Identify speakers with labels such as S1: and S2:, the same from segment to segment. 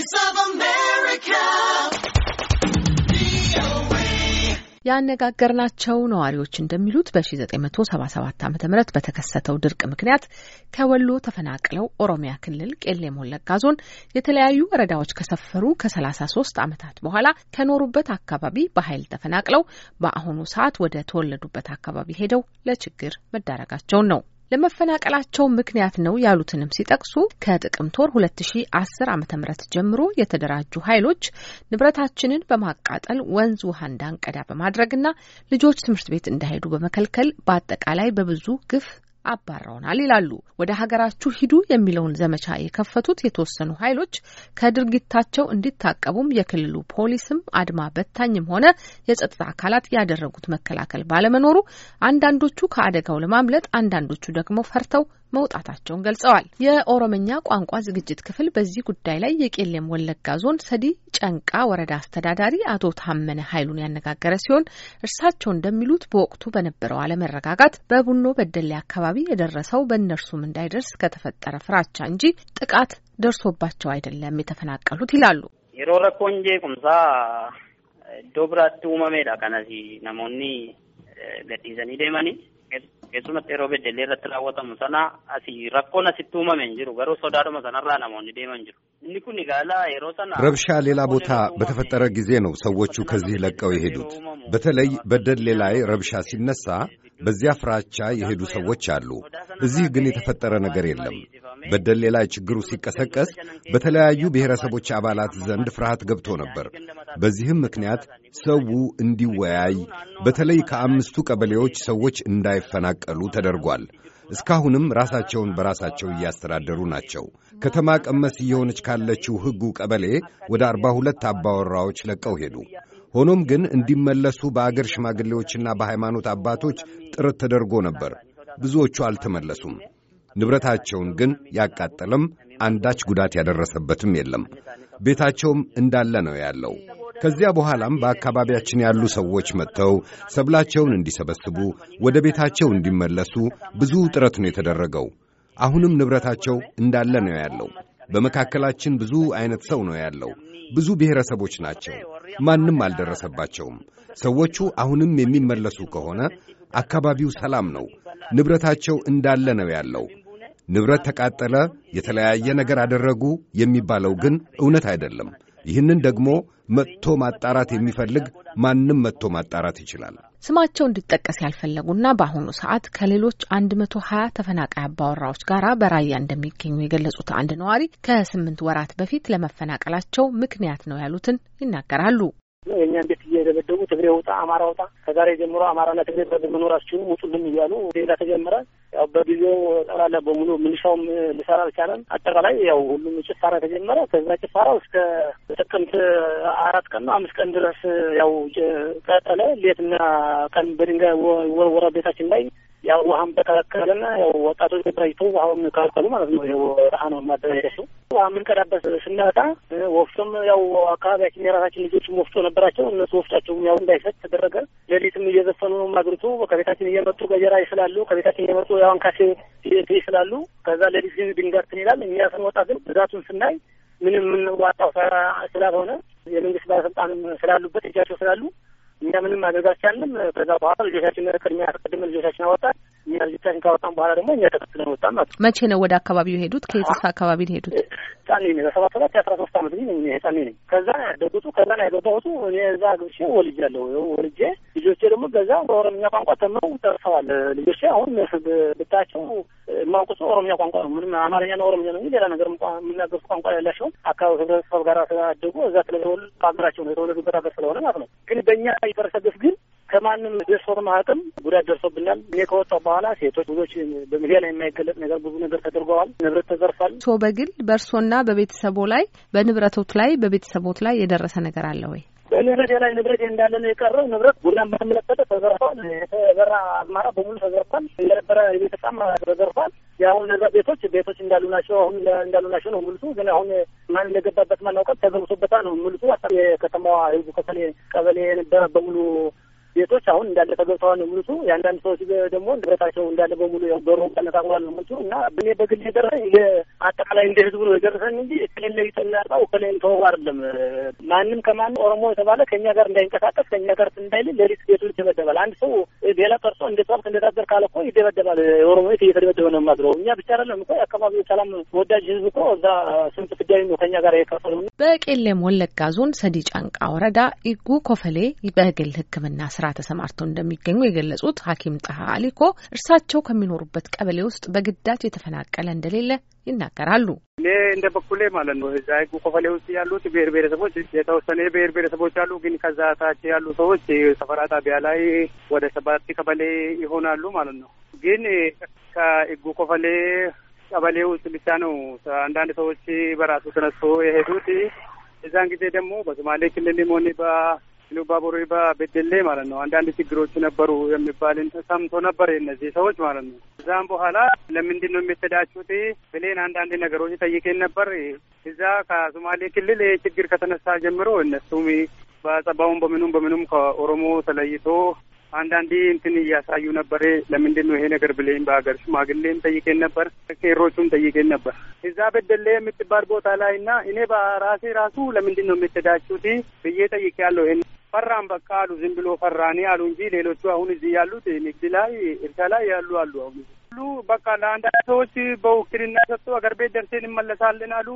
S1: Voice of America.
S2: ያነጋገርናቸው ነዋሪዎች እንደሚሉት በ1977 ዓ ም በተከሰተው ድርቅ ምክንያት ከወሎ ተፈናቅለው ኦሮሚያ ክልል ቄሌ ሞለጋ ዞን የተለያዩ ወረዳዎች ከሰፈሩ ከ33 ዓመታት በኋላ ከኖሩበት አካባቢ በኃይል ተፈናቅለው በአሁኑ ሰዓት ወደ ተወለዱበት አካባቢ ሄደው ለችግር መዳረጋቸውን ነው ለመፈናቀላቸው ምክንያት ነው ያሉትንም ሲጠቅሱ ከጥቅምት ወር 2010 ዓ.ም ጀምሮ የተደራጁ ኃይሎች ንብረታችንን በማቃጠል ወንዝ ውሃ እንዳንቀዳ በማድረግና ልጆች ትምህርት ቤት እንዳይሄዱ በመከልከል በአጠቃላይ በብዙ ግፍ አባረውናል ይላሉ። ወደ ሀገራችሁ ሂዱ የሚለውን ዘመቻ የከፈቱት የተወሰኑ ኃይሎች ከድርጊታቸው እንዲታቀቡም የክልሉ ፖሊስም አድማ በታኝም ሆነ የጸጥታ አካላት ያደረጉት መከላከል ባለመኖሩ አንዳንዶቹ ከአደጋው ለማምለጥ፣ አንዳንዶቹ ደግሞ ፈርተው መውጣታቸውን ገልጸዋል። የኦሮምኛ ቋንቋ ዝግጅት ክፍል በዚህ ጉዳይ ላይ የቄሌም ወለጋ ዞን ሰዲ ጨንቃ ወረዳ አስተዳዳሪ አቶ ታመነ ኃይሉን ያነጋገረ ሲሆን እርሳቸው እንደሚሉት በወቅቱ በነበረው አለመረጋጋት በቡኖ በደሌ አካባቢ የደረሰው በእነርሱም እንዳይደርስ ከተፈጠረ ፍራቻ እንጂ ጥቃት ደርሶባቸው አይደለም የተፈናቀሉት ይላሉ።
S1: የሮ ቁምሳ ዶብራት ውመሜዳ ከነሲ ነሞኒ ገዲዘኒ ደመኒ keessumatti yeroo beddellee irratti raawwatamu sana asii rakkoon asitti uumame hin jiru garuu sodaadhuma sanarraa namoonni deeman jiru inni kun gaala yeroo sana
S3: Rabshaa
S4: leelaa bootaa በተፈጠረ ጊዜ ነው ሰዎቹ ከዚህ ለቀው የሄዱት። በተለይ በደሌ ላይ ረብሻ ሲነሳ በዚያ ፍራቻ የሄዱ ሰዎች አሉ። እዚህ ግን የተፈጠረ ነገር የለም። በደሌ ላይ ችግሩ ሲቀሰቀስ በተለያዩ ብሔረሰቦች አባላት ዘንድ ፍርሃት ገብቶ ነበር። በዚህም ምክንያት ሰው እንዲወያይ፣ በተለይ ከአምስቱ ቀበሌዎች ሰዎች እንዳይፈናቀሉ ተደርጓል። እስካሁንም ራሳቸውን በራሳቸው እያስተዳደሩ ናቸው። ከተማ ቀመስ እየሆነች ካለችው ሕጉ ቀበሌ ወደ አርባ ሁለት አባወራዎች ለቀው ሄዱ። ሆኖም ግን እንዲመለሱ በአገር ሽማግሌዎችና በሃይማኖት አባቶች ጥረት ተደርጎ ነበር። ብዙዎቹ አልተመለሱም። ንብረታቸውን ግን ያቃጠለም አንዳች ጉዳት ያደረሰበትም የለም። ቤታቸውም እንዳለ ነው ያለው። ከዚያ በኋላም በአካባቢያችን ያሉ ሰዎች መጥተው ሰብላቸውን እንዲሰበስቡ፣ ወደ ቤታቸው እንዲመለሱ ብዙ ጥረት ነው የተደረገው። አሁንም ንብረታቸው እንዳለ ነው ያለው። በመካከላችን ብዙ አይነት ሰው ነው ያለው። ብዙ ብሔረሰቦች ናቸው። ማንም አልደረሰባቸውም። ሰዎቹ አሁንም የሚመለሱ ከሆነ አካባቢው ሰላም ነው። ንብረታቸው እንዳለ ነው ያለው። ንብረት ተቃጠለ፣ የተለያየ ነገር አደረጉ የሚባለው ግን እውነት አይደለም። ይህንን ደግሞ መጥቶ ማጣራት የሚፈልግ ማንም መጥቶ ማጣራት ይችላል።
S2: ስማቸው እንዲጠቀስ ያልፈለጉና በአሁኑ ሰዓት ከሌሎች አንድ መቶ ሀያ ተፈናቃይ አባወራዎች ጋር በራያ እንደሚገኙ የገለጹት አንድ ነዋሪ ከስምንት ወራት በፊት ለመፈናቀላቸው ምክንያት ነው ያሉትን ይናገራሉ።
S1: የእኛን ቤት እየደበደቡ ትግሬ ውጣ፣ አማራ ውጣ፣ ከዛሬ ጀምሮ አማራና ትግሬ በግ መኖር አትችሉም፣ ውጡልን እያሉ ሌላ ተጀመረ። ያው በጊዜው ጠቅላላ በሙሉ ምንሻውም ልሰራ አልቻለም። አጠቃላይ ያው ሁሉም ጭፋራ ተጀመረ። ከዛ ጭፋራ እስከ ጥቅምት አራት ቀን ነው አምስት ቀን ድረስ ያው ቀጠለ። ሌትና ቀን በድንጋይ ወረወራ ቤታችን ላይ ያው ውሀም ተከለከለና ያው ወጣቶች ተደራጅተው ውሀውን ከለከሉ ማለት ነው። ይኸው ረሀ ነው ውሀ የምንቀዳበት ስናጣ ወፍጮም ያው አካባቢያችን የራሳችን ልጆችም ወፍጮ ነበራቸው። እነሱ ወፍጫቸውም ያው እንዳይሰጥ ተደረገ። ሌሊትም እየዘፈኑ ነው ማግሪቱ ከቤታችን እየመጡ ገጀራ ይስላሉ። ከቤታችን እየመጡ ያው አንካሴ ይስላሉ። ከዛ ሌሊት ግን ድንጋትን ይላል። እኛ ስንወጣ ግን ብዛቱን ስናይ ምንም የምንዋጣው ስላልሆነ የመንግስት ባለስልጣንም ስላሉበት እጃቸው ስላሉ እኛ ምንም ማድረግ አልቻልንም። ከዛ በኋላ ልጆቻችን ቅድሚያ ቅድም ልጆቻችን አወጣን። እኛ ከዚህ ካወጣን በኋላ ደግሞ እኛ ተከትለን ወጣን ማለት
S2: ነው። መቼ ነው ወደ አካባቢው የሄዱት? ከየትስ አካባቢ ሄዱት?
S1: ጫኔ ነኝ። በሰባ ሰባት የአስራ ሶስት አመት ጊዜ ጫኔ ነኝ። ከዛ ያደጉቱ ከዛ ነው ያገባሁቱ እኔ እዛ አግብቼ ወልጃለሁ። ወልጄ ልጆቼ ደግሞ በዛ በኦሮምኛ ቋንቋ ተምረው ጠርሰዋል። ልጆቼ አሁን ብታቸው የማውቁት ኦሮምኛ ቋንቋ ነው። ምንም አማርኛ አማርኛና ኦሮምኛ ነው እንጂ ሌላ ነገር የምናገሩት ቋንቋ ያላቸውም አካባቢ ህብረተሰብ ጋር ስላደጉ እዛ ስለተወለዱ በሀገራቸው ነው የተወለዱበት ሀገር ስለሆነ ማለት ነው። ግን በእኛ ይፈረሰገስ ግን ከማንም ደርሶ ማህቅም ጉዳት ደርሶብናል። እኔ ከወጣሁ በኋላ ሴቶች ብዙዎች በሚዲያ ላይ የማይገለጽ ነገር ብዙ ነገር ተደርገዋል። ንብረት ተዘርፏል።
S2: ሶ በግል በእርሶና በቤተሰቦ ላይ በንብረቶት ላይ በቤተሰቦት ላይ የደረሰ ነገር አለ ወይ?
S1: በንብረት ላይ ንብረት እንዳለ ነው የቀረው። ንብረት ቡናን በተመለከተ ተዘርፏል። የተዘራ አዝመራ በሙሉ ተዘርፏል። እንደነበረ የቤተሰብ ተዘርፏል። የአሁን ነገር ቤቶች ቤቶች እንዳሉ ናቸው። አሁን እንዳሉ ናቸው ነው ሙልቱ። ግን አሁን ማን እንደገባበት ማናውቀት ተገብቶበታል ነው ሙልቱ። የከተማዋ ህዝቡ፣ ከተሌ ቀበሌ የነበረ በሙሉ ቤቶች አሁን እንዳለ ተገብተዋል ነው ሙሉቱ። የአንዳንድ ሰዎች ደግሞ ንብረታቸው እንዳለ በሙሉ በሮ ተነቃቅሏል ነው ሙሉቱ እና እኔ በግል የደረሰኝ ይሄ አጠቃላይ እንደ ህዝቡ ነው የደረሰኝ እንጂ ከሌለ ይጠናጣው ከላይ ተወው አይደለም። ማንም ከማን ኦሮሞ የተባለ ከእኛ ጋር እንዳይንቀሳቀስ ከእኛ ጋር እንዳይል ሌሊት ቤቱ ይደበደባል። አንድ ሰው ሌላ ጠርሶ እንደ ጠዋት እንደታዘር ካለ እኮ ይደበደባል። የኦሮሞ ቤት እየተደበደበ ነው የማድረው። እኛ ብቻ አይደለም እኮ የአካባቢው ሰላም ወዳጅ ህዝብ እኮ እዛ ስንት ፍዳይ ነው ከእኛ ጋር የከፈሉ።
S2: በቄለም ወለጋ ዞን ሰዲ ጫንቃ ወረዳ ኢጉ ኮፈሌ በግል ህክምና ስራ ተሰማርተው እንደሚገኙ የገለጹት ሐኪም ጣሀ አሊኮ እርሳቸው ከሚኖሩበት ቀበሌ ውስጥ በግዳጅ የተፈናቀለ እንደሌለ ይናገራሉ።
S3: እኔ እንደ በኩሌ ማለት ነው እዛ ህጉ ኮፈሌ ውስጥ ያሉት ብሔር ብሔረሰቦች የተወሰነ ብሔር ብሔረሰቦች አሉ። ግን ከዛ ታች ያሉ ሰዎች ሰፈራ ጣቢያ ላይ ወደ ሰባት ቀበሌ ይሆናሉ ማለት ነው። ግን ከህጉ ኮፈሌ ቀበሌ ውስጥ ብቻ ነው አንዳንድ ሰዎች በራሱ ተነስቶ የሄዱት። እዛን ጊዜ ደግሞ በሶማሌ ክልልም ሆነ ኢሉባቦሪባ በደሌ ማለት ነው አንዳንድ ችግሮች ነበሩ የሚባልን ተሰምቶ ነበር የእነዚህ ሰዎች ማለት ነው። እዛም በኋላ ለምንድን ነው የሚተዳችሁት ብሌን አንዳንድ ነገሮች ጠይቄን ነበር። እዛ ከሶማሌ ክልል ችግር ከተነሳ ጀምሮ እነሱም በጸባውን በምኑም በምኑም ከኦሮሞ ተለይቶ አንዳንዴ እንትን እያሳዩ ነበር። ለምንድን ነው ይሄ ነገር ብሌን በሀገር ሽማግሌም ጠይቄን ነበር፣ ቄሮቹም ጠይቄን ነበር። እዛ በደሌ የምትባል ቦታ ላይ እና እኔ በራሴ ራሱ ለምንድን ነው የምትዳችሁት ብዬ ይሄን ፈራን በቃ አሉ። ዝም ብሎ ፈራኔ አሉ እንጂ ሌሎቹ አሁን እዚህ ያሉት ንግድ ላይ እርሻ ላይ ያሉ አሉ። አሁን ሁሉ በቃ ለአንዳንድ ሰዎች በውክልና ሰጡ። አገር ቤት ደርሴን እንመለሳለን አሉ።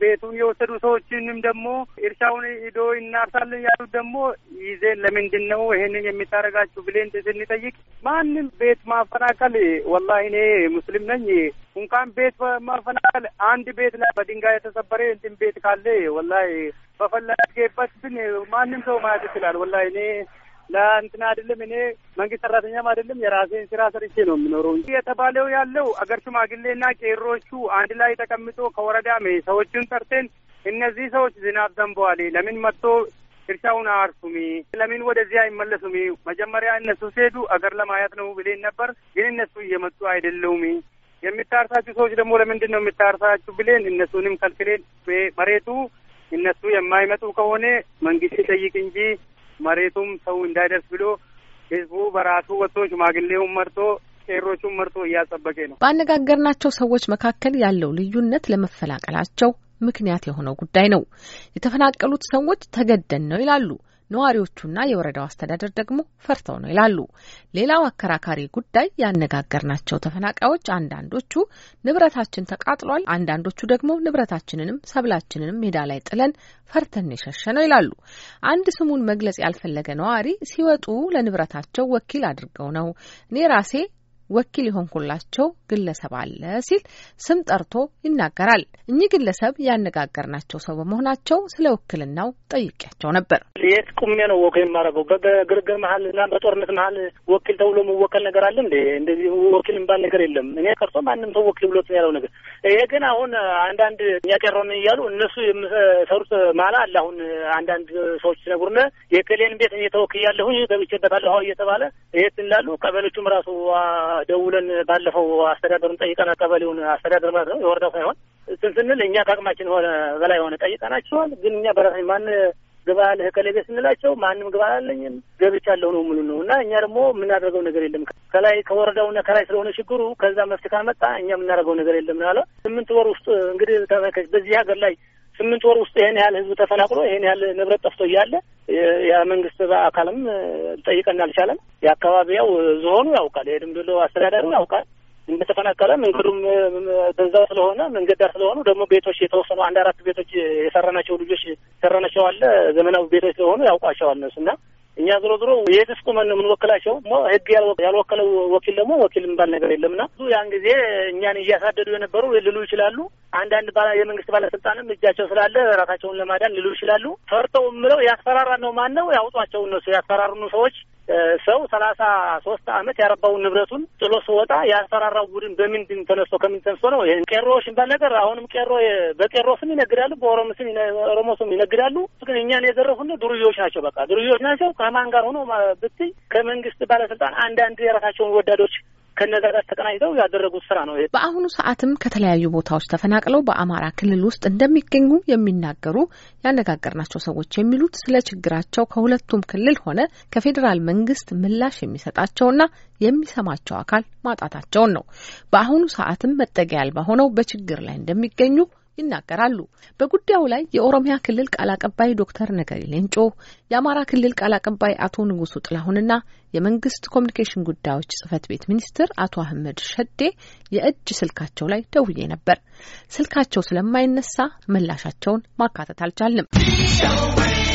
S3: ቤቱን የወሰዱ ሰዎችንም ደግሞ እርሻውን ሂዶ እናርሳለን ያሉት ደግሞ ይዜ ለምንድን ነው ይሄንን የሚታረጋችሁ ብሌን ስንጠይቅ ማንም ቤት ማፈናቀል ወላሂ እኔ ሙስሊም ነኝ እንኳን ቤት ማፈናቀል አንድ ቤት ላይ በድንጋይ የተሰበረ እንትን ቤት ካለ ወላሂ በፈለገበት ግን ማንም ሰው ማለት ይችላል። ወላ እኔ ለእንትና አይደለም እኔ መንግስት ሰራተኛም አይደለም የራሴን ስራ ሰርቼ ነው የምኖረው እንጂ የተባለው ያለው አገር ሽማግሌና ቄሮቹ አንድ ላይ ተቀምጦ ከወረዳ ሰዎችን ጠርተን እነዚህ ሰዎች ዝናብ ዘንበዋል፣ ለምን መጥቶ እርሻውን አርሱሚ ለምን ወደዚህ አይመለሱሚ መጀመሪያ እነሱ ሲሄዱ አገር ለማየት ነው ብሌን ነበር፣ ግን እነሱ እየመጡ አይደለውሚ። የሚታርሳችሁ ሰዎች ደግሞ ለምንድን ነው የሚታርሳችሁ ብሌን እነሱንም ከልክሌን መሬቱ እነሱ የማይመጡ ከሆነ መንግስት ይጠይቅ እንጂ መሬቱም ሰው እንዳይደርስ ብሎ ህዝቡ በራሱ ወጥቶ ሽማግሌውን መርቶ ቄሮቹን መርቶ እያጸበቀ ነው።
S2: ባነጋገርናቸው ሰዎች መካከል ያለው ልዩነት ለመፈላቀላቸው ምክንያት የሆነው ጉዳይ ነው። የተፈናቀሉት ሰዎች ተገደን ነው ይላሉ። ነዋሪዎቹና የወረዳው አስተዳደር ደግሞ ፈርተው ነው ይላሉ። ሌላው አከራካሪ ጉዳይ ያነጋገርናቸው ተፈናቃዮች አንዳንዶቹ ንብረታችን ተቃጥሏል፣ አንዳንዶቹ ደግሞ ንብረታችንንም ሰብላችንንም ሜዳ ላይ ጥለን ፈርተን የሸሸ ነው ይላሉ። አንድ ስሙን መግለጽ ያልፈለገ ነዋሪ ሲወጡ ለንብረታቸው ወኪል አድርገው ነው እኔ ራሴ ወኪል የሆንኩላቸው ግለሰብ አለ ሲል ስም ጠርቶ ይናገራል። እኚህ ግለሰብ ያነጋገርናቸው ሰው በመሆናቸው ስለ ውክልናው ጠይቄያቸው ነበር።
S1: የት ቁሜ ነው ወክ የማደርገው? በግርግር መሀል እና በጦርነት መሀል ወኪል ተብሎ መወከል ነገር አለ እንዴ? እንደዚህ ወኪል የሚባል ነገር የለም። እኔ ቀርቶ ማንም ሰው ወኪል ብሎት ያለው ነገር ይሄ ግን አሁን አንዳንድ እኛ እያሉ እነሱ የምሰሩት ማላ አለ። አሁን አንዳንድ ሰዎች ሲነግሩን የክሌን ቤት እኔ ተወክያለሁ ገብቼበታለሁ እየተባለ ይሄት እንላሉ ቀበሎቹም ራሱ ደውለን ባለፈው አስተዳደሩን ጠይቀን ቀበሌውን አስተዳደር ማለት ነው የወረዳው ሳይሆን እንትን ስንል እኛ ከአቅማችን ሆነ በላይ ሆነ ጠይቀናቸዋል። ግን እኛ በራሳኝ ማን ግባ ያለህ ከሌቤ ስንላቸው ማንም ግባ አላለኝም ገብቻለሁ ነው ሙሉ ነው እና እኛ ደግሞ የምናደርገው ነገር የለም ከላይ ከወረዳውና ከላይ ስለሆነ ችግሩ ከዛ መፍትሄ ካመጣ እኛ የምናደርገው ነገር የለም ነው ያለ። ስምንት ወር ውስጥ እንግዲህ ተመልከች በዚህ ሀገር ላይ ስምንት ወር ውስጥ ይሄን ያህል ህዝብ ተፈናቅሎ ይሄን ያህል ንብረት ጠፍቶ እያለ የመንግስት አካልም ጠይቀን አልቻለም። የአካባቢ ያው ዞኑ ያውቃል፣ የድምድሎ አስተዳደሩ ያውቃል እንደተፈናቀለ መንገዱም ገንዘብ ስለሆነ መንገድ ዳር ስለሆኑ ደግሞ ቤቶች የተወሰኑ አንድ አራት ቤቶች የሰራናቸው ልጆች የሰራናቸው አለ ዘመናዊ ቤቶች ስለሆኑ ያውቋቸዋል እነሱ እና እኛ ዞሮ ዞሮ የት እስቁመን የምንወክላቸው ህግ ያልወከለው ወኪል ደግሞ ወኪል የሚባል ነገር የለምና ያን ጊዜ እኛን እያሳደዱ የነበሩ ልሉ ይችላሉ። አንዳንድ የመንግስት ባለስልጣንም እጃቸው ስላለ ራሳቸውን ለማዳን ልሉ ይችላሉ። ፈርተው የምለው ያስፈራራ ነው። ማን ነው ያውጧቸው? እነሱ ያስፈራሩኑ ሰዎች ሰው ሰላሳ ሶስት አመት ያረባውን ንብረቱን ጥሎ ስወጣ ያሰራራው ቡድን በምንድን ተነስቶ ከምን ተነስቶ ነው? ቄሮ ሽንባል ነገር አሁንም ቄሮ በቄሮ ስም ይነግዳሉ፣ በኦሮሞ ስም ኦሮሞ ስም ይነግዳሉ። ግን እኛን የዘረፉን ዱርዮች ናቸው። በቃ ዱርዮች ናቸው። ከማን ጋር ሆኖ ብትይ ከመንግስት ባለስልጣን አንዳንድ የራሳቸውን ወዳዶች ከነዛ ጋር ተቀናጅተው ያደረጉት ስራ
S2: ነው። በአሁኑ ሰዓትም ከተለያዩ ቦታዎች ተፈናቅለው በአማራ ክልል ውስጥ እንደሚገኙ የሚናገሩ ያነጋገርናቸው ሰዎች የሚሉት ስለ ችግራቸው ከሁለቱም ክልል ሆነ ከፌዴራል መንግስት ምላሽ የሚሰጣቸውና የሚሰማቸው አካል ማጣታቸውን ነው። በአሁኑ ሰዓትም መጠጊያ አልባ ሆነው በችግር ላይ እንደሚገኙ ይናገራሉ። በጉዳዩ ላይ የኦሮሚያ ክልል ቃል አቀባይ ዶክተር ነገሪ ሌንጮ፣ የአማራ ክልል ቃል አቀባይ አቶ ንጉሱ ጥላሁንና የመንግስት ኮሚኒኬሽን ጉዳዮች ጽህፈት ቤት ሚኒስትር አቶ አህመድ ሸዴ የእጅ ስልካቸው ላይ ደውዬ ነበር። ስልካቸው ስለማይነሳ ምላሻቸውን ማካተት አልቻልንም።